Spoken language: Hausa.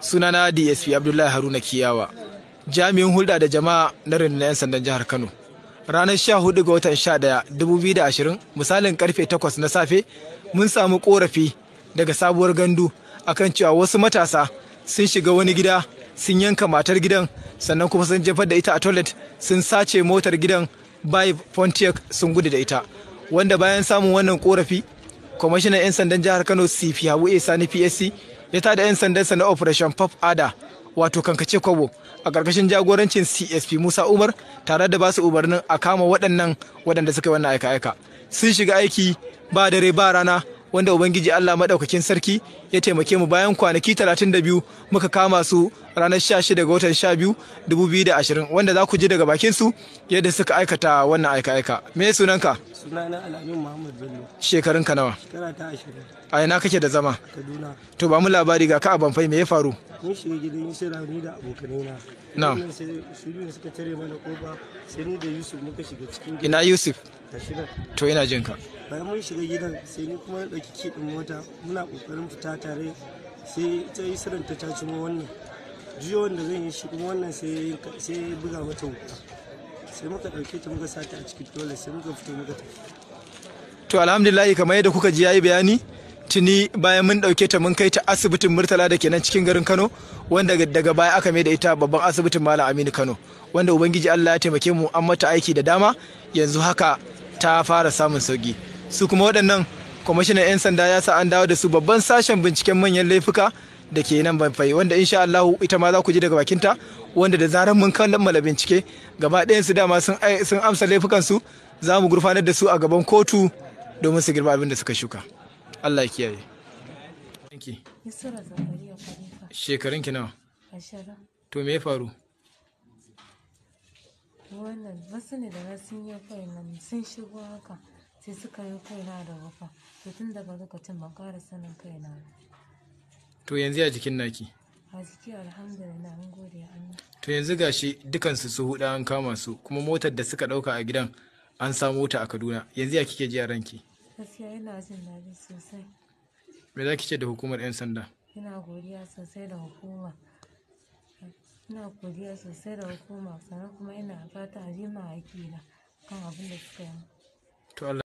sunana dsp abdullahi haruna kiyawa jami'in hulɗa da jama'a na rundunar 'yan sandan jihar kano ranar 14 ga watan 11 2020 misalin karfe 8 na safe mun samu korafi daga sabuwar gandu akan cewa wasu matasa sun shiga wani gida sun yanka matar gidan sannan kuma sun jefar da ita a toilet sun sace motar gidan bai pontiac sun gudu da ita wanda bayan samun wannan korafi kwamishinan 'yan sandan jihar kano cp habu sani psc ya tada 'yan sa na operation pop ada wato kankace kwabo a ƙarƙashin jagorancin csp musa umar tare da basu umarnin a kama waɗannan waɗanda suka yi wannan aika-aika sun shiga aiki ba dare ba rana wanda ubangiji Allah maɗaukakin sarki ya taimake mu bayan kwanaki 32 muka kama su ranar 16 ga watan 12 2020 wanda za ku ji daga bakin su yadda suka aikata wannan aika-aika me sunanka sunana alamin muhammad bello ka nawa shekara ta 20 a ina kake da zama kaduna to ba mu labari ga ka a banfai me ya faru mun shiga gidan yusuf ni da abokanai na na sai suka tare mana kofa sai ni da yusuf muka shiga cikin gidan ina yusuf to ina jin ka bayan mun shiga gidan sai ni kuma ɗauki kiɗin mota muna kokarin fita tare sai ta yi sirrin ta taci mu wannan juyo wanda zan yi shi kuma wannan sai sai buga mata wuta sai muka dauke ta muka sata a cikin dole sai muka fito muka tafi to alhamdulillah kamar yadda kuka ji yayi bayani tuni bayan mun ɗauke ta mun kai ta asibitin murtala da ke nan cikin garin kano wanda daga baya aka mai da ita babban asibitin malam aminu kano wanda ubangiji allah ya taimake mu an mata aiki da dama yanzu haka ta fara samun sauki su kuma waɗannan kwamishinan 'yan sanda ya sa an dawo da su babban sashen binciken manyan laifuka da ke nan ban fai wanda insha Allah ita ma za ku ji daga bakinta wanda da zarar mun kammala bincike gaba ɗayan su dama sun amsa laifukan su za mu gurfanar da su a gaban kotu domin su girba abin da suka shuka. Allah ya kiyaye ki shekarun ki nawa to me ya faru wannan wasu ne da sun yi nan sun shigo haka sai suka yi kai na da wafa to tun daga lokacin ban ƙara sanin kai na. to yanzu ya jikin naki a jiki alhamdulillah an gode ya Allah to yanzu gashi dukansu su huda an kama su kuma motar da suka dauka a gidan an samu ta a Kaduna yanzu ya kike ji a ranki Gaskiya yana jin daɗi sosai. Me za ki ce da hukumar 'yan sanda? Ina godiya sosai da hukuma. Ina godiya sosai da hukuma sannan kuma ina fata a bi kan abin da suka yi